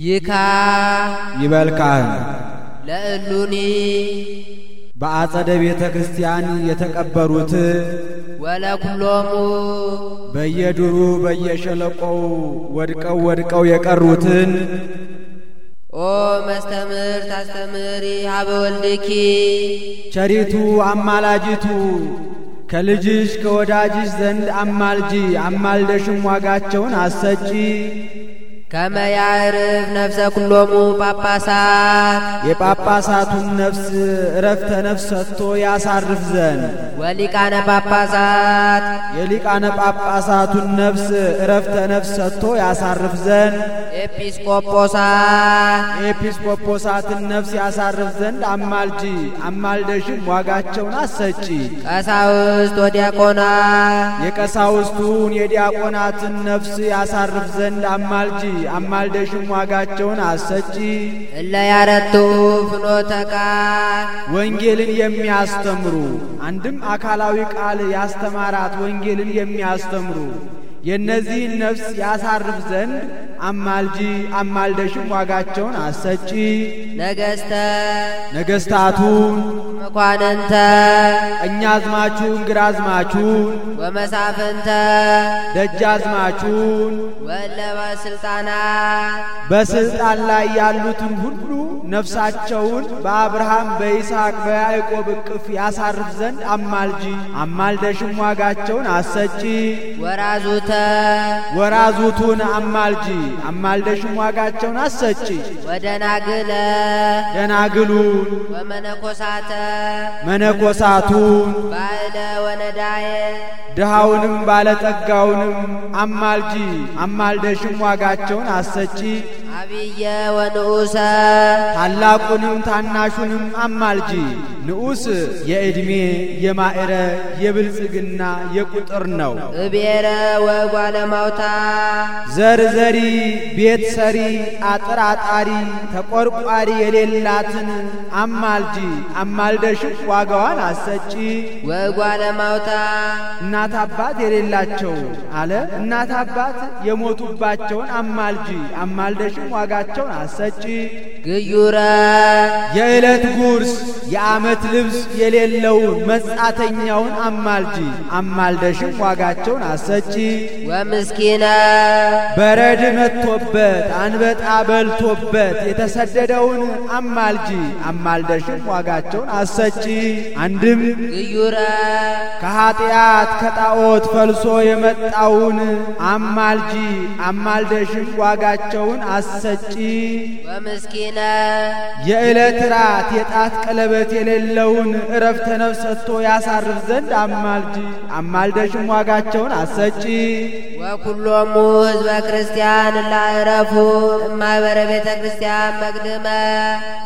ይካ ይመልካህን ለእሉኒ በአጸደ ቤተ ክርስቲያን የተቀበሩት ወለኩሎሙ በየዱሩ በየሸለቆው ወድቀው ወድቀው የቀሩትን ኦ መስተምር ታስተምሪ ሀበ ወልድኪ ቸሪቱ አማላጅቱ ከልጅሽ ከወዳጅሽ ዘንድ አማልጂ አማልደሽም ዋጋቸውን አሰጪ ከመ ያዕርፍ ነፍሰ ኩሎሙ ጳጳሳት የጳጳሳቱን ነፍስ እረፍተ ነፍስ ሰጥቶ ያሳርፍ ዘንድ ወሊቃነ ጳጳሳት የሊቃነ ጳጳሳቱን ነፍስ እረፍተ ነፍስ ሰጥቶ ያሳርፍ ዘንድ ኤጲስቆጶሳት የኤጲስቆጶሳትን ነፍስ ያሳርፍ ዘንድ አማልጂ አማልደሽም ዋጋቸውን አሰጪ ቀሳውስት ወዲያቆና የቀሳውስቱን የዲያቆናትን ነፍስ ያሳርፍ ዘንድ አማልጂ አማልደሽም ዋጋቸውን አሰጪ። እለ ያረቱ ፍኖተ ቃል ወንጌልን የሚያስተምሩ አንድም አካላዊ ቃል ያስተማራት ወንጌልን የሚያስተምሩ የእነዚህን ነፍስ ያሳርፍ ዘንድ አማልጂ አማልደሽም ዋጋቸውን አሰጪ ነገስተ ነገስታቱን መኳንንተ ግራ አዝማቹን ወመሳፍንተ አዝማቹን ወለበ ስልጣና በስልጣን ላይ ያሉትን ሁሉ ነፍሳቸውን በአብርሃም በይስሐቅ በያዕቆብ እቅፍ ያሳርፍ ዘንድ አማልጂ አማልደሽም ዋጋቸውን አሰጪ ወራዙተ ወራዙቱን አማልጂ አማልደሽም ዋጋቸውን አሰጪ። ወደናግለ ደናግሉን ወመነኮሳተ መነኮሳቱን ባዕለ ወነዳየ ድሃውንም ባለጠጋውንም አማልጂ። አማልደሽም ዋጋቸውን አሰጪ። አብየ ወንዑሰ ታላቁንም ታናሹንም አማልጂ። ንዑስ የዕድሜ የማዕረ የብልጽግና የቁጥር ነው። እብሔረ ወጓለማውታ ዘርዘሪ ቤት ሰሪ አጠራጣሪ ተቆርቋሪ የሌላትን አማልጂ አማልደሽ ዋጋዋን አሰጪ ወጓለማውታ እናት አባት የሌላቸው አለ እናት አባት የሞቱባቸውን አማልጂ አማልደሽም ዋጋቸውን አሰጪ ግዩረ የዕለት ጉርስ የዓመት ልብስ የሌለውን መጻተኛውን አማልጂ፣ አማልደሽም ዋጋቸውን አሰጪ። ወምስኪነ በረድ መጥቶበት አንበጣ በልቶበት የተሰደደውን አማልጂ፣ አማልደሽም ዋጋቸውን አሰጪ። አንድም ግዩረ ከኀጢአት ከጣዖት ፈልሶ የመጣውን አማልጂ፣ አማልደሽም ዋጋቸውን አሰጪ። ወምስኪነ የዕለት ራት የጣት ቀለበት የሌለውን እረፍተ ነፍስ ሰጥቶ ያሳርፍ ዘንድ አማልጅ አማልደሽም ዋጋቸውን አሰጪ። ወኩሎሙ ህዝበ ክርስቲያን ላዕረፉ እማይበረ ቤተ ክርስቲያን መቅድመ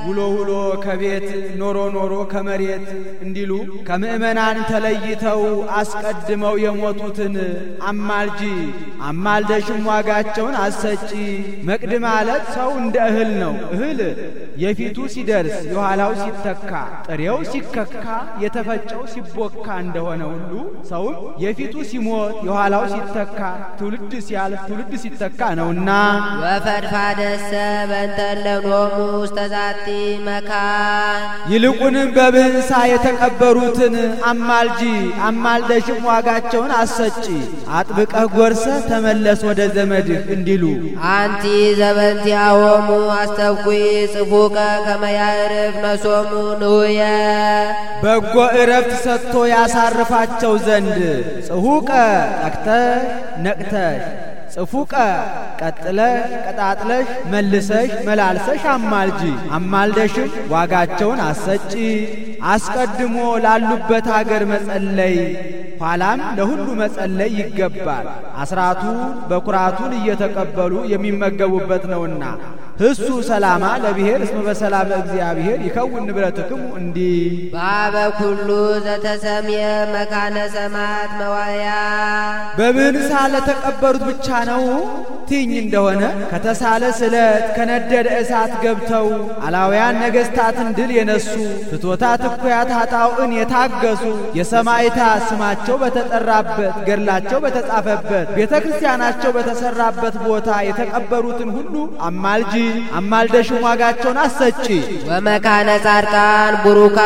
ውሎ ውሎ ከቤት ኖሮ ኖሮ ከመሬት እንዲሉ ከምእመናን ተለይተው አስቀድመው የሞቱትን አማልጂ አማልደሽም ዋጋቸውን አሰጪ። መቅድ ማለት ሰው እንደ እህል ነው። እህል የፊቱ ሲደርስ የኋላው ሲተካ፣ ጥሬው ሲከካ፣ የተፈጨው ሲቦካ እንደሆነ ሁሉ ሰውም የፊቱ ሲሞት የኋላው ሲተካ፣ ትውልድ ሲያልፍ ትውልድ ሲተካ ነውና ወፈድፋ ደሰ ስተዛት ይልቁንም በብህንሳ የተቀበሩትን አማልጂ፣ አማልደሽም ዋጋቸውን አሰጪ፣ አጥብቀህ ጐርሰ ተመለስ ወደ ዘመድህ እንዲሉ አንቲ ዘበንቲአሆሙ አስተብኲ ጽፉቀ ከመያርፍ መሶሙ ንውየ በጎ እረፍት ሰጥቶ ያሳርፋቸው ዘንድ ጽሁቀ ጠቅተሽ ነቅተሽ ጽፉቀ ቀጥለሽ ቀጣጥለሽ መልሰሽ መላልሰሽ አማልጂ። አማልደሽም ዋጋቸውን አሰጪ። አስቀድሞ ላሉበት አገር መጸለይ ኋላም ለሁሉ መጸለይ ይገባል። አስራቱ በኩራቱን እየተቀበሉ የሚመገቡበት ነውና ህሱ ሰላማ ለብሔር እስመ በሰላም እግዚአብሔር ይከውን ንብረትክሙ እንዲ ባበ ኩሉ ዘተሰምየ መካነ ሰማት መዋያ በብህንሳ ለተቀበሩት ብቻ ነው። ትኝ እንደሆነ ከተሳለ ስለት ከነደደ እሳት ገብተው አላውያን ነገሥታትን ድል የነሱ ፍቶታ ትኩያት አጣውዕን የታገሱ የሰማይታ ስማቸው በተጠራበት ገድላቸው በተጻፈበት ቤተ ክርስቲያናቸው በተሰራበት ቦታ የተቀበሩትን ሁሉ አማልጂ አማልደሽ ዋጋቸውን አሰጪ ወመካነ ጻድቃን ቡሩካ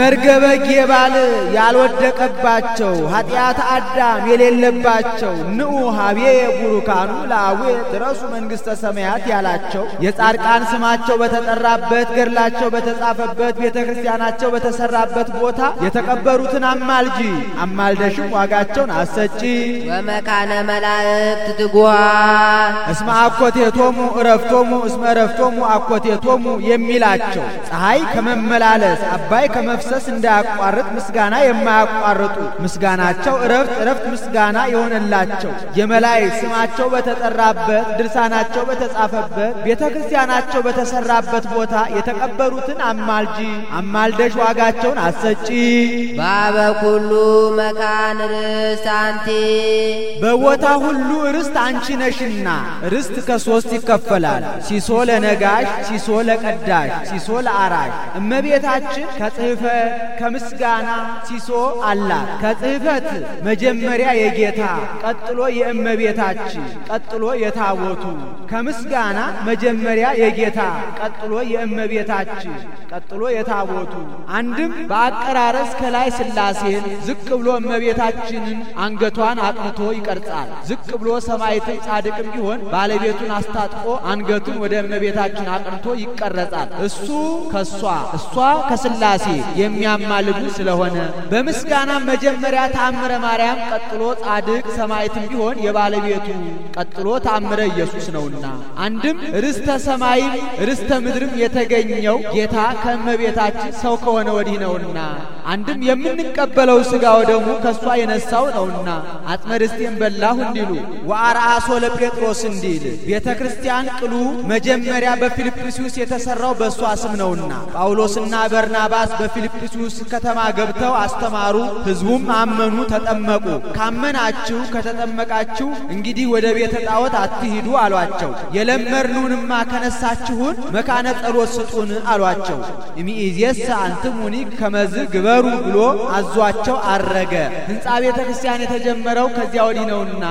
መርገበ ጌባል ያልወደቀባቸው ኃጢአት አዳም የሌለባቸው ንዑ ሀቤ ቡሩካ ቅዱሳኑ ለአዌ ረሱ መንግሥተ ሰማያት ያላቸው የጻድቃን ስማቸው በተጠራበት ገድላቸው በተጻፈበት ቤተ ክርስቲያናቸው በተሰራበት ቦታ የተቀበሩትን አማልጂ፣ አማልደሽም ዋጋቸውን አሰጪ። ወመካነ መላእክት ትጓ እስመ አኮቴቶሙ እረፍቶሙ እስመ እረፍቶሙ አኮቴቶሙ የሚላቸው ፀሐይ ከመመላለስ አባይ ከመፍሰስ እንዳያቋርጥ ምስጋና የማያቋርጡ ምስጋናቸው እረፍት እረፍት ምስጋና የሆነላቸው የመላይ ስማቸው ስማቸው በተጠራበት ድርሳናቸው በተጻፈበት ቤተ ክርስቲያናቸው በተሰራበት ቦታ የተቀበሩትን አማልጂ አማልደሽ ዋጋቸውን አሰጪ። ባበኩሉ መካን ርስት አንቲ፣ በቦታ ሁሉ ርስት አንቺ ነሽና። ርስት ከሶስት ይከፈላል፣ ሲሶ ለነጋሽ፣ ሲሶ ለቀዳሽ፣ ሲሶ ለአራሽ። እመቤታችን ከጽሕፈት ከምስጋና ሲሶ አላት። ከጽህፈት መጀመሪያ የጌታ ቀጥሎ የእመቤታችን ቀጥሎ የታቦቱ ከምስጋና መጀመሪያ የጌታ ቀጥሎ የእመቤታችን ቀጥሎ የታቦቱ አንድም በአቀራረስ ከላይ ስላሴን ዝቅ ብሎ እመቤታችንን አንገቷን አቅንቶ ይቀርጻል። ዝቅ ብሎ ሰማይትን ጻድቅም ቢሆን ባለቤቱን አስታጥቆ አንገቱን ወደ እመቤታችን አቅንቶ ይቀረጻል። እሱ ከሷ እሷ ከስላሴ የሚያማልዱ ስለሆነ በምስጋና መጀመሪያ ተአምረ ማርያም ቀጥሎ ጻድቅ ሰማይትም ቢሆን የባለቤቱ ቀጥሎ ታምረ ኢየሱስ ነውና አንድም ርስተ ሰማይም ርስተ ምድርም የተገኘው ጌታ ከእመቤታችን ሰው ከሆነ ወዲህ ነውና አንድም የምንቀበለው ስጋው ደግሞ ከእሷ የነሳው ነውና አጥመ ርስቴን በላሁ እንዲሉ ወአርአሶ ለጴጥሮስ እንዲል ቤተ ክርስቲያን ቅሉ መጀመሪያ በፊልጵስዩስ የተሠራው በእሷ ስም ነውና ጳውሎስና በርናባስ በፊልጵስዩስ ከተማ ገብተው አስተማሩ። ሕዝቡም አመኑ፣ ተጠመቁ። ካመናችሁ ከተጠመቃችሁ እንግዲህ ወደ ወደ ቤተ ጣዖት አትሂዱ አሏቸው። የለመርኑንማ ከነሳችሁን መካነ ጸሎት ስጡን አሏቸው። እምይእዜሰ አንትሙኒ ከመዝ ግበሩ ብሎ አዟቸው አረገ። ሕንፃ ቤተ ክርስቲያን የተጀመረው ከዚያ ወዲህ ነውና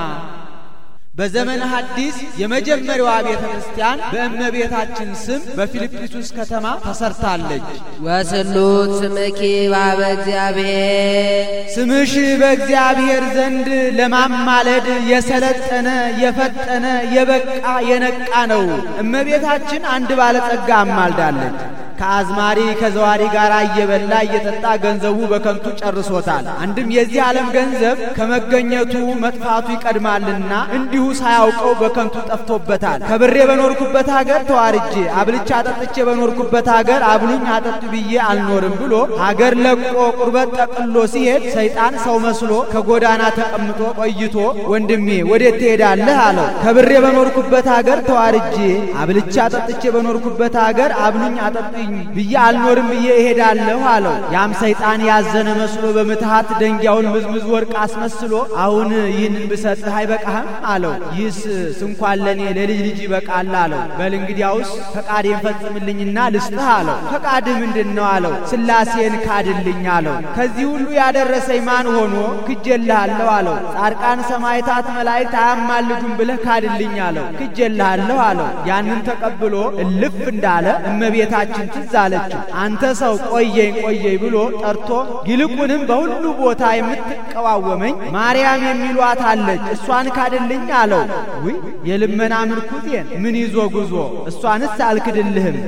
በዘመነ ሐዲስ የመጀመሪያዋ ቤተ ክርስቲያን በእመቤታችን ስም በፊልጵስዩስ ከተማ ተሰርታለች። ወስሉት ስምኪ ባበ እግዚአብሔር ስምሽ በእግዚአብሔር ዘንድ ለማማለድ የሰለጠነ የፈጠነ የበቃ የነቃ ነው። እመቤታችን አንድ ባለጸጋ አማልዳለች። ከአዝማሪ ከዘዋሪ ጋር እየበላ እየጠጣ ገንዘቡ በከንቱ ጨርሶታል። አንድም የዚህ ዓለም ገንዘብ ከመገኘቱ መጥፋቱ ይቀድማልና እንዲሁ ሳያውቀው በከንቱ ጠፍቶበታል። ከብሬ በኖርኩበት ሀገር ተዋርጄ አብልቻ አጠጥቼ በኖርኩበት ሀገር አብሉኝ አጠጡ ብዬ አልኖርም ብሎ ሀገር ለቆ ቁርበት ጠቅሎ ሲሄድ ሰይጣን ሰው መስሎ ከጎዳና ተቀምጦ ቆይቶ ወንድሜ ወዴት ትሄዳለህ አለው። ከብሬ በኖርኩበት ሀገር ተዋርጄ አብልቻ አጠጥቼ በኖርኩበት ሀገር አብሉኝ አጠጡ አትንኩኝ ብዬ አልኖርም ብዬ እሄዳለሁ አለው። ያም ሰይጣን ያዘነ መስሎ በምትሃት ደንጊያውን ምዝምዝ ወርቅ አስመስሎ አሁን ይህንን ብሰጥህ አይበቃህም አለው። ይህስ ስንኳን ለእኔ ለልጅ ልጅ ይበቃል አለው። በል እንግዲያውስ ፈቃዴን ፈጽምልኝና ልስጥህ አለው። ፈቃድህ ምንድን ነው አለው። ስላሴን ካድልኝ አለው። ከዚህ ሁሉ ያደረሰኝ ማን ሆኖ ክጀልሃለሁ አለው። ጻድቃን ሰማዕታት መላእክት አያማልዱም ብለህ ካድልኝ አለው። ክጀልሃለሁ አለው። ያንን ተቀብሎ እልፍ እንዳለ እመቤታችን ትዝ አለችው። አንተ ሰው ቆየኝ ቆየኝ ብሎ ጠርቶ ይልቁንም በሁሉ ቦታ የምትቀዋወመኝ ማርያም የሚሏት አለች እሷን ካድልኝ አለው። ውይ የልመና ምርኩቴን ምን ይዞ ጉዞ እሷንስ አልክድልህም።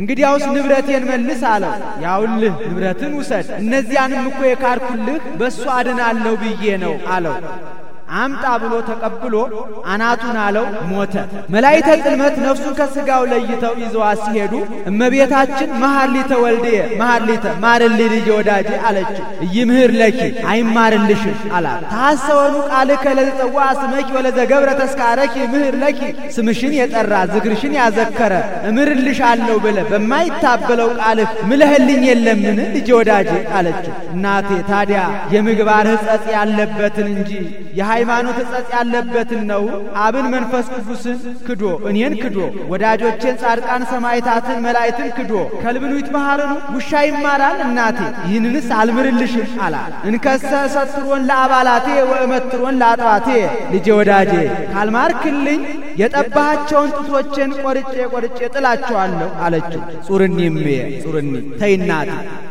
እንግዲያውስ ንብረቴን መልስ አለው። ያውልህ ንብረትን ውሰድ፣ እነዚያንም እኮ የካድኩልህ በእሱ አድናለሁ ብዬ ነው አለው። አምጣ ብሎ ተቀብሎ አናቱን አለው ሞተ። መላእክተ ጽልመት ነፍሱን ከስጋው ለይተው ይዘዋት ሲሄዱ እመቤታችን መሐሊተ ወልድየ መሐሊተ ማርሊ ልጅ ወዳጄ አለችው። ይምህር ለኪ አይማርልሽ አላት። ታሰወኑ ቃልከ ለተጸዋ ስመኪ ወለዘገብረ ተስካረኪ ምህር ለኪ ስምሽን የጠራ ዝግርሽን ያዘከረ አለው ብለ በማይታበለው ቃልህ ምልህልኝ የለምን ልጅ ወዳጄ አለችው። እናቴ ታዲያ የምግባር ህጸጽ ያለበትን እንጂ የሃይማኖት እጸጽ ያለበትን ነው። አብን መንፈስ ቅዱስን ክዶ እኔን ክዶ ወዳጆቼን ጻድቃን ሰማይታትን መላእክትን ክዶ ከልብኑ ይትመሃርን ውሻ ይማራል እናቴ ይህንንስ አልምርልሽም አላ እንከሰ ሰትሮን ለአባላቴ ወእመትሮን ለአጥባቴ ልጄ ወዳጄ ካልማርክልኝ የጠባሃቸውን ጥቶቼን ቆርጬ ቆርጬ ጥላቸዋለሁ አለችው። ጹርኒ እምዬ ጹርኒ ተይ እናቴ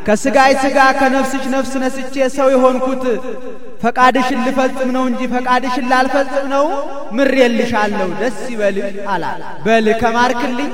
ከሥጋይ ሥጋ ከነፍስች ነፍስ ነስቼ ሰው የሆንኩት ፈቃድሽን ልፈጽም ነው እንጂ ፈቃድሽን ላልፈጽም ነው ምሬልሻለሁ፣ ደስ ይበልህ አላት። በል ከማርክልኝ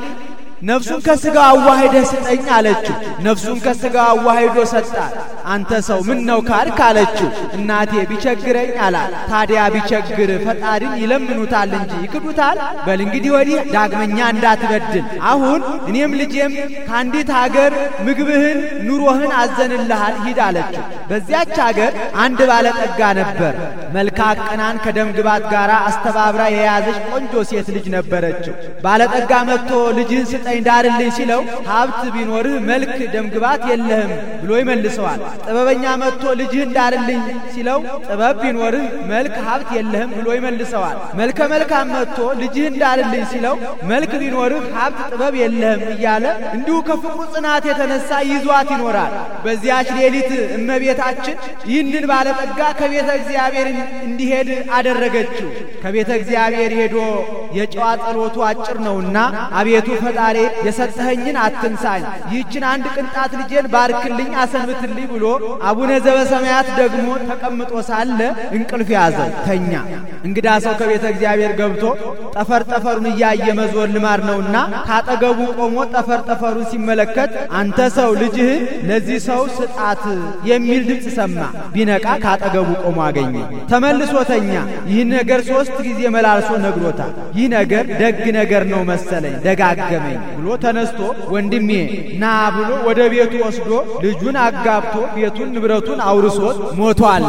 ነፍሱን ከስጋው አዋሂደህ ስጠኝ አለችው። ነፍሱን ከስጋ አዋሂዶ ሰጣት። አንተ ሰው ምን ነው ካልክ አለችው። እናቴ ቢቸግረኝ አላት። ታዲያ ቢቸግር ፈጣሪን ይለምኑታል እንጂ ይክዱታል። በል እንግዲህ ወዲህ ዳግመኛ እንዳትበድል። አሁን እኔም ልጄም ከአንዲት ሀገር ምግብህን፣ ኑሮህን አዘንልሃል፣ ሂድ አለችው። በዚያች ሀገር አንድ ባለጠጋ ነበር። መልካ ቅናን ከደም ግባት ጋር አስተባብራ የያዘች ቆንጆ ሴት ልጅ ነበረችው። ባለጠጋ መጥቶ ልጅህን ስጠ ስጠኝ ዳርልኝ ሲለው ሀብት ቢኖርህ መልክ ደምግባት የለህም ብሎ ይመልሰዋል። ጥበበኛ መጥቶ ልጅህን ዳርልኝ ሲለው ጥበብ ቢኖርህ መልክ ሀብት የለህም ብሎ ይመልሰዋል። መልከ መልካም መጥቶ ልጅህን ዳርልኝ ሲለው መልክ ቢኖርህ ሀብት ጥበብ የለህም እያለ እንዲሁ ከፍቁ ጽናት የተነሳ ይዟት ይኖራል። በዚያች ሌሊት እመቤታችን ይህንን ባለጠጋ ከቤተ እግዚአብሔር እንዲሄድ አደረገችው። ከቤተ እግዚአብሔር ሄዶ የጨዋ ጸሎቱ አጭር ነውና፣ አቤቱ ፈጣሪ የሰጠኸኝን አትንሳኝ፣ ይህችን አንድ ቅንጣት ልጄን ባርክልኝ፣ አሰንብትልኝ ብሎ አቡነ ዘበሰማያት ደግሞ ተቀምጦ ሳለ እንቅልፍ ያዘው ተኛ። እንግዳ ሰው ከቤተ እግዚአብሔር ገብቶ ጠፈር ጠፈሩን እያየ መዞር ልማድ ነውና ካጠገቡ ቆሞ ጠፈር ጠፈሩን ሲመለከት አንተ ሰው ልጅህ ለዚህ ሰው ስጣት የሚል ድምፅ ሰማ። ቢነቃ ካጠገቡ ቆሞ አገኘ። ተመልሶ ተኛ። ይህን ነገር ሶስት ጊዜ መላልሶ ነግሮታል። ይህ ነገር ደግ ነገር ነው መሰለኝ ደጋገመኝ ብሎ ተነስቶ ወንድሜ ና ብሎ ወደ ቤቱ ወስዶ ልጁን አጋብቶ ቤቱን ንብረቱን አውርሶት ሞቷል።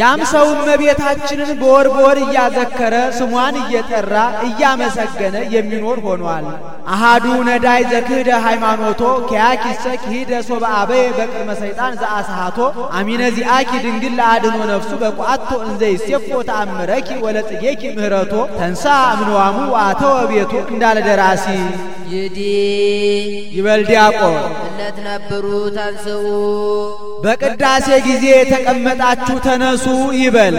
ያም ሰው እመቤታችንን በወር በወር እያዘከረ ስሟን እየጠራ እያመሰገነ የሚኖር ሆኗል። አሃዱ ነዳይ ዘክህደ ሃይማኖቶ ከያኪሰ ኪሂደ ሶበአበየ በቅድመ ሰይጣን ዘአስሃቶ አሚነ ዚአኪ ድንግል ለአድኖ ነፍሱ በቋቶ እንዘይ ሴፎ ተአምረኪ ወለጽጌኪ ምህረቶ ተንሳ አምኖ አጽዋሙዋ ቤቱ እንዳለ ደራሲ ይዲ ይበል ዲያቆን እለት ነብሩ ታንስኡ በቅዳሴ ጊዜ የተቀመጣችሁ ተነሱ ይበል።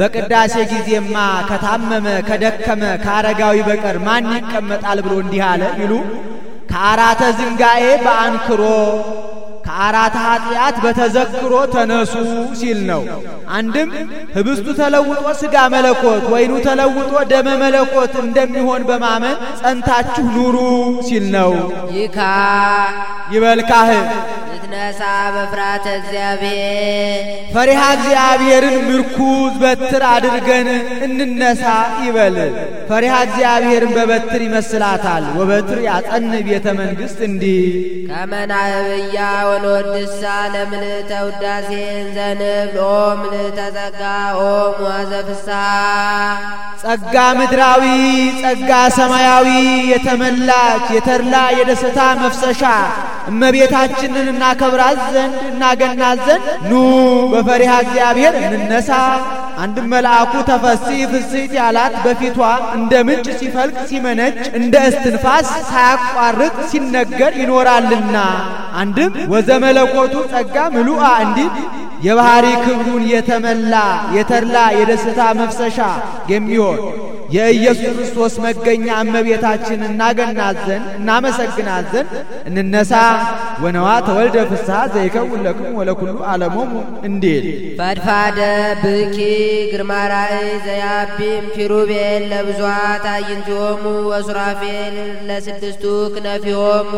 በቅዳሴ ጊዜማ ከታመመ ከደከመ ከአረጋዊ በቀር ማን ይቀመጣል ብሎ እንዲህ አለ ይሉ ከአራተ ዝንጋኤ በአንክሮ ከአራት ኃጢአት በተዘክሮ ተነሱ ሲል ነው። አንድም ህብስቱ ተለውጦ ሥጋ መለኮት፣ ወይኑ ተለውጦ ደመ መለኮት እንደሚሆን በማመን ጸንታችሁ ኑሩ ሲል ነው። ይካ ይበልካህ ነሳ በፍራት እግዚአብሔር ፈሪሃ እግዚአብሔርን ምርኩዝ በትር አድርገን እንነሳ ይበል። ፈሪሃ እግዚአብሔርን በበትር ይመስላታል። ወበትር ያጸን ቤተ መንግሥት እንዲህ ከመናብያ ወንወድሳ ለምን ውዳሴን ዘንብል ኦ ምልዕተ ኦም ኦ ጸጋ ምድራዊ ጸጋ ሰማያዊ የተመላች የተድላ የደስታ መፍሰሻ እመቤታችንን እናከብራት ዘንድ እናገናት ዘንድ ኑ በፈሪሃ እግዚአብሔር እንነሳ። አንድ መልአኩ ተፈሲ ፍስት ያላት በፊቷ እንደ ምንጭ ሲፈልቅ ሲመነጭ እንደ እስትንፋስ ሳያቋርጥ ሲነገር ይኖራልና። አንድም ወዘመለኮቱ ጸጋ ምሉአ እንዲል የባህሪ ክብሩን የተመላ የተድላ የደስታ መፍሰሻ የሚሆን የኢየሱስ ክርስቶስ መገኛ እመቤታችን እናገናት ዘንድ እናመሰግናት ዘንድ እንነሳ ወነዋ ተወልደ ፍስሐ ዘይከውን ለክሙ ወለኩሉ ዓለሞሙ እንዲል ፈድፋደ ብኪ ግርማ ራእይ ዘያቢም ኪሩቤል ለብዙት ታዕይንቲሆሙ ወሱራፌል ለስድስቱ ክነፊሆሙ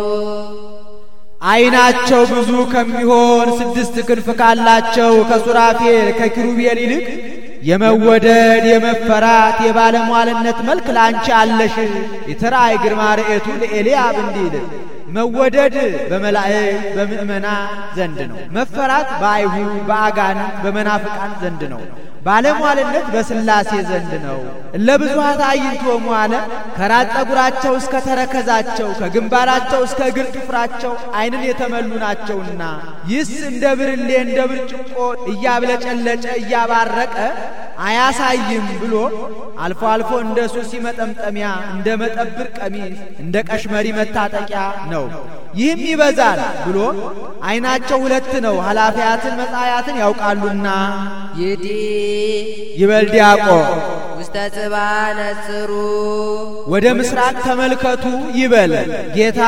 አይናቸው ብዙ ከሚሆን ስድስት ክንፍ ካላቸው ከሱራፌል ከኪሩቤል ይልቅ የመወደድ የመፈራት የባለሟልነት መልክ ላንቺ አለሽ። የተራእይ ግርማ ርኤቱ ለኤልያብ እንዲል መወደድ በመላእክት በምእመና ዘንድ ነው። መፈራት በአይሁድ በአጋን በመናፍቃን ዘንድ ነው። ባለሟልነት በስላሴ ዘንድ ነው። ለብዙሃት አይንቶ ሟለ ከራስ ጸጉራቸው እስከ ተረከዛቸው ከግንባራቸው እስከ እግር ጥፍራቸው ዓይንን የተመሉ ናቸውና ይስ እንደ ብርሌ እንደ ብርጭቆ እያብለጨለጨ እያባረቀ አያሳይም ብሎ አልፎ አልፎ እንደ ሱሲ መጠምጠሚያ፣ እንደ መጠብር ቀሚስ፣ እንደ ቀሽመሪ መታጠቂያ ነው። ይህም ይበዛል ብሎ አይናቸው ሁለት ነው፣ ኃላፊያትን መጻያትን ያውቃሉና ይዲ ይበል ዲያቆን ውስተ ጽባ ነጽሩ ወደ ምስራቅ ተመልከቱ ይበል። ጌታ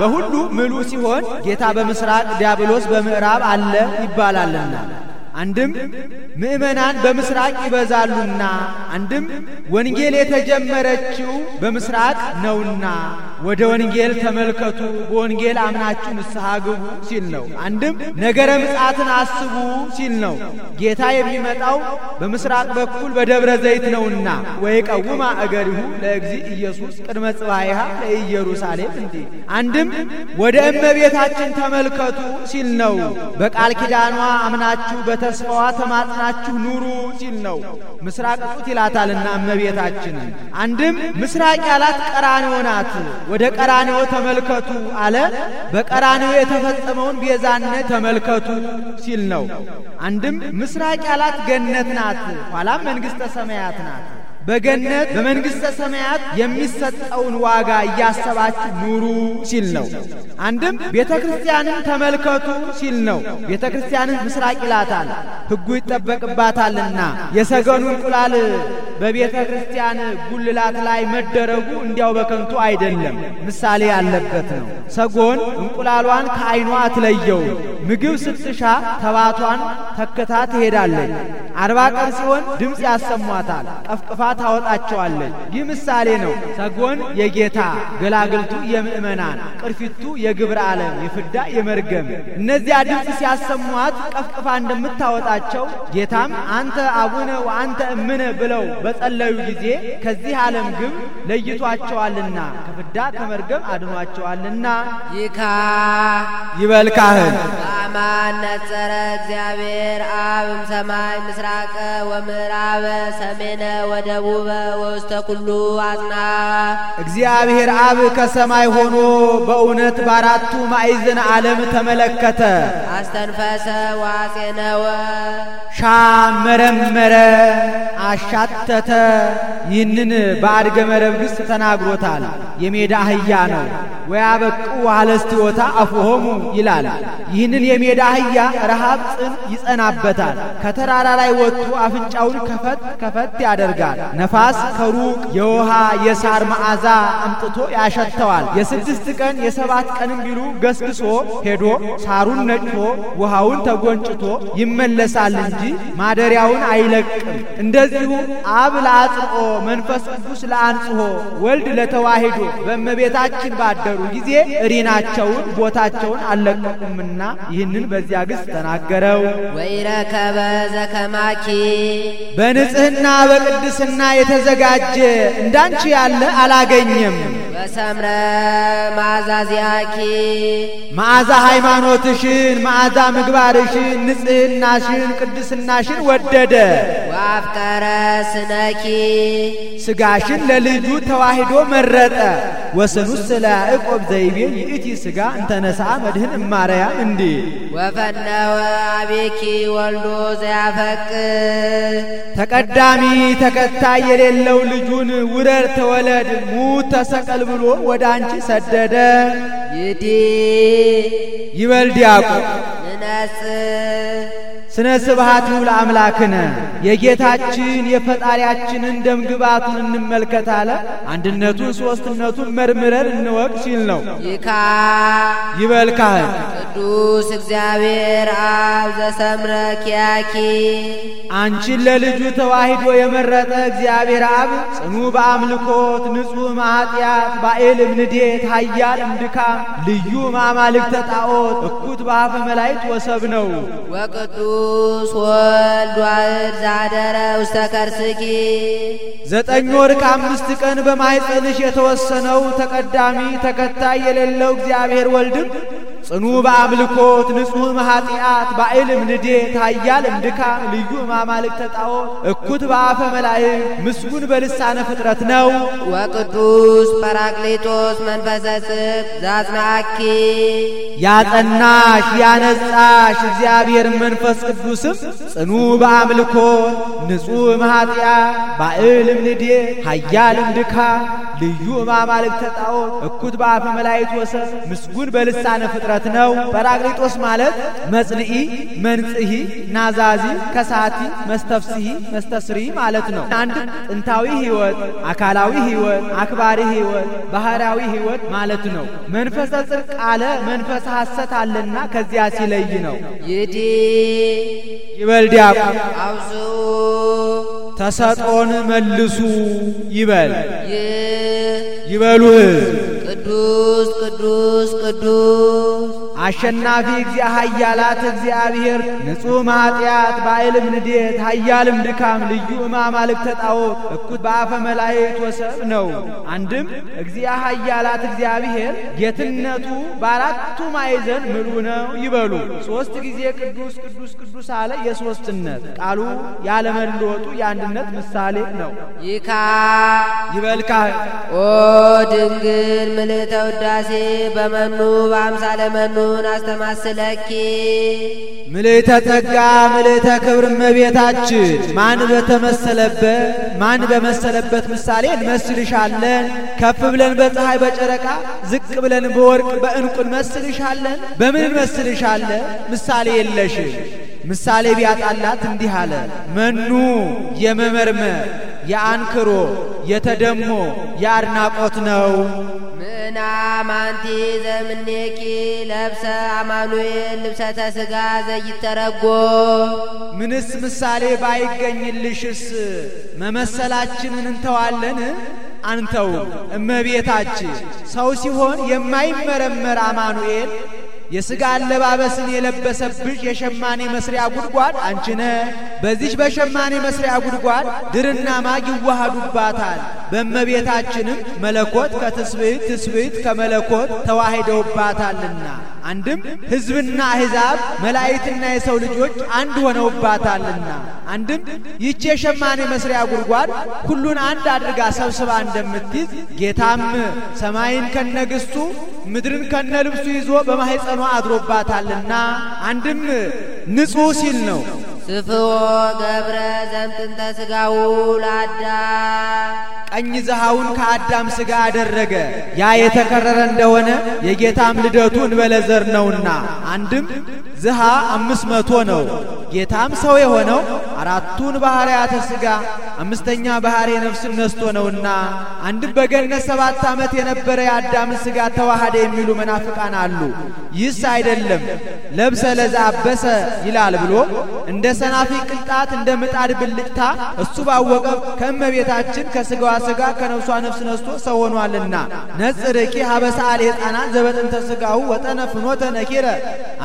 በሁሉ ምሉ ሲሆን ጌታ በምስራቅ ዲያብሎስ በምዕራብ አለ ይባላልና አንድም ምእመናን በምስራቅ ይበዛሉና፣ አንድም ወንጌል የተጀመረችው በምስራቅ ነውና ወደ ወንጌል ተመልከቱ፣ በወንጌል አምናችሁ ንስሐ ግቡ ሲል ነው። አንድም ነገረ ምጽአትን አስቡ ሲል ነው። ጌታ የሚመጣው በምስራቅ በኩል በደብረ ዘይት ነውና ወይቀውማ እገሪሁ ለእግዚ ኢየሱስ ቅድመ ጽባይሃ ለኢየሩሳሌም እንዲ አንድም ወደ እመቤታችን ተመልከቱ ሲል ነው። በቃል ኪዳኗ አምናችሁ በተስፋዋ ተማጥናችሁ ኑሩ ሲል ነው። ምስራቅ ጡት ይላታልና እመቤታችንን አንድም ምስራቅ ያላት ቀራንዮ ናት። ወደ ቀራንዮ ተመልከቱ አለ። በቀራንዮ የተፈጸመውን ቤዛነት ተመልከቱ ሲል ነው። አንድም ምስራቅ ያላት ገነት ናት፣ ኋላም መንግሥተ ሰማያት ናት። በገነት በመንግሥተ ሰማያት የሚሰጠውን ዋጋ እያሰባችሁ ኑሩ ሲል ነው። አንድም ቤተ ክርስቲያንን ተመልከቱ ሲል ነው። ቤተ ክርስቲያንን ምስራቅ ይላታል፣ ሕጉ ይጠበቅባታልና የሰገኑ እንቁላል በቤተ ክርስቲያን ጉልላት ላይ መደረጉ እንዲያው በከንቱ አይደለም፣ ምሳሌ ያለበት ነው። ሰጎን እንቁላሏን ከዓይኗ አትለየው። ምግብ ስትሻ ተባቷን ተክታ ትሄዳለች። አርባ ቀን ሲሆን ድምፅ ያሰሟታል ቀፍቅፋ ታወጣቸዋለች። ይህ ምሳሌ ነው። ሰጎን የጌታ ገላግልቱ የምእመናን ቅርፊቱ የግብረ ዓለም የፍዳ የመርገም እነዚያ ድምፅ ሲያሰሟት ቀፍቅፋ እንደምታወጣቸው ጌታም አንተ አቡነ ወአንተ እምነ ብለው በጸለዩ ጊዜ ከዚህ ዓለም ግብ ለይቷቸዋልና ከፍዳ ከመርገም አድኗቸዋልና ይካ ይበልካህን አማን ነጸረ እግዚአብሔር አብ ሰማይ ምስራቀ ወምዕራበ ሰሜነ ወደ ውበ ውስተ ኩሉ አጽናፍ እግዚአብሔር አብ ከሰማይ ሆኖ በእውነት በአራቱ ማዕዘን ዓለም ተመለከተ። አስተንፈሰ ዋጼነወ ሻመረመረ አሻተተ። ይህንን በአድገ መረብ ተናግሮታል። የሜዳ አህያ ነው። ወያበቁ ወታ አፉሆሙ ይላል። ይህንን የሜዳ አህያ ረሃብ ጽን ይጸናበታል። ከተራራ ላይ ወጥቶ አፍንጫውን ከፈት ከፈት ያደርጋል። ነፋስ ከሩቅ የውሃ የሳር መዓዛ አምጥቶ ያሸተዋል። የስድስት ቀን የሰባት ቀንም ቢሉ ገስግሶ ሄዶ ሳሩን ነጭቶ ውሃውን ተጎንጭቶ ይመለሳል እንጂ ማደሪያውን አይለቅም። እንደዚሁ አብ ለአጽንኦ መንፈስ ቅዱስ ለአንጽሆ ወልድ ለተዋሂዶ በእመቤታችን ባደሩ ጊዜ እሪናቸውን ቦታቸውን አልለቀቁምና ይህንን በዚያ ግስ ተናገረው። ወይረከበ ዘከማኪ በንጽህና በቅድስና የተዘጋጀ እንዳንቺ ያለ አላገኘም። በሰምረ ማዛዚያኪ መዓዛ ሃይማኖትሽን መዓዛ ምግባርሽን ንጽህናሽን ቅድስናሽን ወደደ። ዋፍቀረ ስነኪ ስጋሽን ለልጁ ተዋሂዶ መረጠ። ወሰኑ ስለ እቆብ ዘይቤ ይእቲ ስጋ እንተነሳ መድህን እማርያም እንዲ ወፈነወ አቤኪ ወልዶ ዘያፈቅ ተቀዳሚ ተከታይ የሌለው ልጁን ውረድ ተወለድ ሙት ተሰቀልብ ብሎ ወደ አንቺ ሰደደ። ይዴ ይበል ዲያቆን ስነ ስብሃቱ ለአምላክነ የጌታችን የፈጣሪያችንን ደምግባቱን እንመልከት አለ። አንድነቱን ሶስትነቱን መርምረን እንወቅ ሲል ነው። ይካ ይበልካህን ቅዱስ እግዚአብሔር አብ ዘሰምረ ኪያኪ አንቺን ለልጁ ተዋሂዶ የመረጠ እግዚአብሔር አብ ጽኑ በአምልኮት ንጹሕ ማኃጢአት ባኤል እምንዴት ሀያል እምድካም ልዩ ማማልክተ ጣዖት እኩት በአፈ መላይት ወሰብ ነው ወቅዱስ ቅዱስ ወልድ ዋሕድ ዘአደረ ውስተ ከርስኪ ዘጠኝ ወር ከአምስት ቀን በማኅፀንሽ የተወሰነው ተቀዳሚ ተከታይ የሌለው እግዚአብሔር ወልድም ጽኑ በአምልኮት ንጹሕም ኃጢአት ባዕልም ንዴት ኃያልም ድካም ልዩ ማማልክ ተጣዖ እኩት በአፈ መላእክ ምስጉን በልሳነ ፍጥረት ነው። ወቅዱስ ጰራቅሊጦስ መንፈሰ ጽድቅ ዛጽናአኪ ያጸናሽ ያነጻሽ እግዚአብሔር መንፈስ ቅዱስም ጽኑ በአምልኮት ንጹሕም ኃጢአት ባዕልም ንዴት ኃያልም ድካም ልዩ ማማልክ ተጣዖ እኩት በአፈ መላእክት ወሰብ ምስጉን በልሳነ ፍጥረት መሰረት ነው። ጰራቅሊጦስ ማለት መጽልኢ፣ መንጽሂ፣ ናዛዚ፣ ከሳቲ፣ መስተፍስሂ፣ መስተስሪ ማለት ነው። አንድ ጥንታዊ ሕይወት፣ አካላዊ ሕይወት፣ አክባሪ ሕይወት፣ ባህራዊ ሕይወት ማለት ነው። መንፈሰ ጽድቅ አለ መንፈሰ ሐሰት አለና ከዚያ ሲለይ ነው። ይዲ ይበል ዲያቆን አብዙ ተሰጦን መልሱ ይበል ይበሉ ህዝብ Kudus, Kudus, Kudus. አሸናፊ እግዚአ ኃያላት እግዚአብሔር ንጹሕ ማጢያት ባይልም ንዴት ኃያልም ድካም ልዩ እማማልክ ተጣዎ እኩት በአፈ መላእክት ወሰብ ነው። አንድም እግዚአ ኃያላት እግዚአብሔር ጌትነቱ በአራቱ ማዕዘን ምሉ ነው ይበሉ። ሶስት ጊዜ ቅዱስ ቅዱስ ቅዱስ አለ። የሶስትነት ቃሉ ያለመለወጡ የአንድነት ምሳሌ ነው። ይካ ይበልካ ኦ ድንግል ምልዕተ ውዳሴ በመኑ በአምሳለ መኑ መሆኑን አስተማሰለኪ ምልዕተ ጸጋ ምልዕተ ክብር እመቤታችን ማን በተመሰለበት ማን በመሰለበት ምሳሌ እንመስልሻለን። ከፍ ብለን በፀሐይ በጨረቃ ዝቅ ብለን በወርቅ በእንቁ እንመስልሻለን። በምን እንመስልሻለን? ምሳሌ የለሽ። ምሳሌ ቢያጣላት እንዲህ አለ መኑ የመመርመር የአንክሮ የተደሞ የአድናቆት ነው። ናማንቲ ዘምኔቂ ለብሰ አማኑኤል ልብሰተ ስጋ ዘይተረጎ ምንስ ምሳሌ ባይገኝልሽስ መመሰላችንን እንተዋለን አንተው እመቤታችን ሰው ሲሆን የማይመረመር አማኑኤል የሥጋ አለባበስን የለበሰብሽ የሸማኔ መስሪያ ጉድጓድ አንቺ ነ በዚች በሸማኔ መስሪያ ጉድጓድ ድርና ማግ ይዋሃዱባታል። በእመቤታችንም መለኮት ከትስብእት ትስብእት ከመለኮት ተዋሂደውባታልና አንድም ሕዝብና አሕዛብ መላእክትና የሰው ልጆች አንድ ሆነውባታልና አንድም ይቺ የሸማኔ መስሪያ ጉድጓድ ሁሉን አንድ አድርጋ ሰብስባ እንደምትይዝ ጌታም ሰማይን ከነግሥቱ ምድርን ከነ ልብሱ ይዞ በማኅፀኗ አድሮባታልና አንድም ንጹሕ ሲል ነው። ስፍዎ ገብረ ዘምጥንተ ሥጋው ለአዳም ቀኝ ዘሃውን ከአዳም ሥጋ አደረገ። ያ የተከረረ እንደሆነ የጌታም ልደቱ እንበለዘር ነውና አንድም ዝሃ አምስት መቶ ነው። ጌታም ሰው የሆነው አራቱን ባሕርያተ ሥጋ አምስተኛ ባህሪ የነፍስን ነስቶ ነውና አንድ በገነት ሰባት ዓመት የነበረ የአዳም ሥጋ ተዋሃደ የሚሉ መናፍቃን አሉ። ይህስ አይደለም ለብሰ ለዛ አበሰ ይላል ብሎ እንደ ሰናፊ ቅልጣት እንደ ምጣድ ብልጭታ እሱ ባወቀ ከእመቤታችን ከሥጋዋ ሥጋ ከነፍሷ ነፍስ ነስቶ ሰው ሆኗልና ነጽርኪ ሀበሳአል የሕፃናት ዘበጥንተ ሥጋሁ ወጠነ ፍኖተ ነኪረ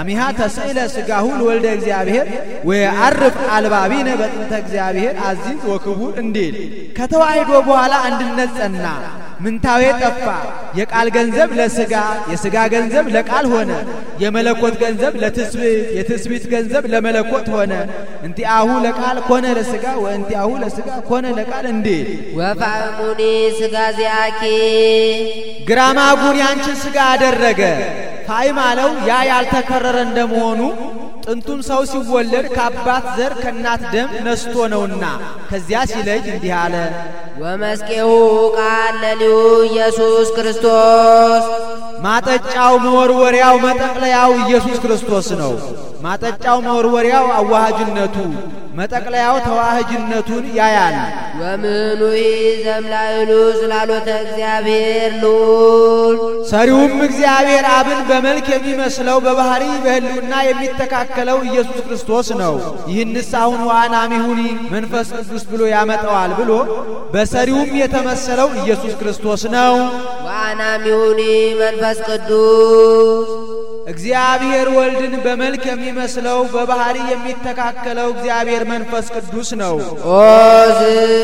አሚሃ ተስዕለ ሥጋሁ ለወልደ እግዚአብሔር አርፍ አልባቢነ በጥንተ እግዚአብሔር አዚዝ ወክቡ እንዴት ከተዋሕዶ በኋላ አንድነት ጸና፣ ምንታዌ ጠፋ። የቃል ገንዘብ ለስጋ የስጋ ገንዘብ ለቃል ሆነ። የመለኮት ገንዘብ ለትስብእት የትስብት ገንዘብ ለመለኮት ሆነ። እንቲአሁ ለቃል ኮነ ለስጋ ወእንቲአሁ ለስጋ ኮነ ለቃል እንዲል ወፋሙኒ ስጋ ዚያኪ ግራማጉን ያንቺን ስጋ አደረገ። ፋይም አለው ያ ያልተከረረ እንደመሆኑ ጥንቱም ሰው ሲወለድ ከአባት ዘር ከእናት ደም ነስቶ ነውና፣ ከዚያ ሲለይ እንዲህ አለ። ወመስቄሁ ቃል ኢየሱስ ክርስቶስ ማጠጫው መወርወሪያው መጠቅለያው ኢየሱስ ክርስቶስ ነው። ማጠጫው መወርወሪያው አዋሃጅነቱ፣ መጠቅለያው ተዋህጅነቱን ያያል። ወምኑ ዘምላእሉ ስላሎተ እግዚአብሔር ልዑል። ሰሪውም እግዚአብሔር አብን በመልክ የሚመስለው በባህሪ በህልውና የሚተካከለው ኢየሱስ ክርስቶስ ነው። ይህንስ አሁን ዋናሚሁኒ መንፈስ ቅዱስ ብሎ ያመጣዋል ብሎ በሰሪውም የተመሰለው ኢየሱስ ክርስቶስ ነው። ዋናሚሁኒ መንፈስ መንፈስ ቅዱስ እግዚአብሔር ወልድን በመልክ የሚመስለው በባህሪ የሚተካከለው እግዚአብሔር መንፈስ ቅዱስ ነው። ኦ ዝ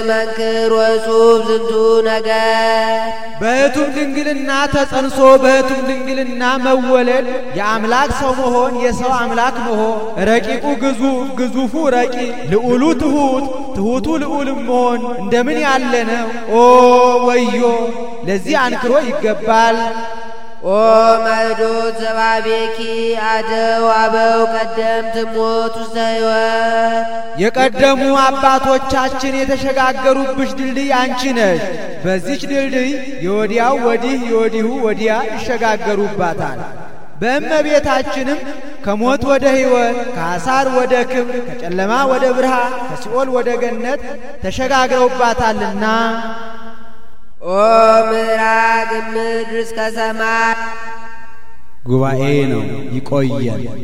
መንክር ወጹብ ዝንቱ ነገር በህቱም ድንግልና ተጸንሶ በህቱም ድንግልና መወለድ የአምላክ ሰው መሆን የሰው አምላክ መሆን ረቂቁ ግዙፍ ግዙፉ ረቂቅ ልዑሉ ትሁት ትሁቱ ልዑልም መሆን እንደምን ያለ ነው! ኦ ወዮ! ለዚህ አንክሮ ይገባል። ኦ ማይዶት ዘባቤኪ አደው አበው ቀደም ትሞት ውስተ ሕይወት የቀደሙ አባቶቻችን የተሸጋገሩብሽ ድልድይ አንቺ ነሽ። በዚች ድልድይ የወዲያው ወዲህ የወዲሁ ወዲያ ይሸጋገሩባታል። በእመቤታችንም ከሞት ወደ ሕይወት ከአሳር ወደ ክብር ከጨለማ ወደ ብርሃን ከሲኦል ወደ ገነት ተሸጋግረውባታልና ኦ ምዕራግ ምድር እስከ ሰማይ ጉባኤ ነው። ይቆያል።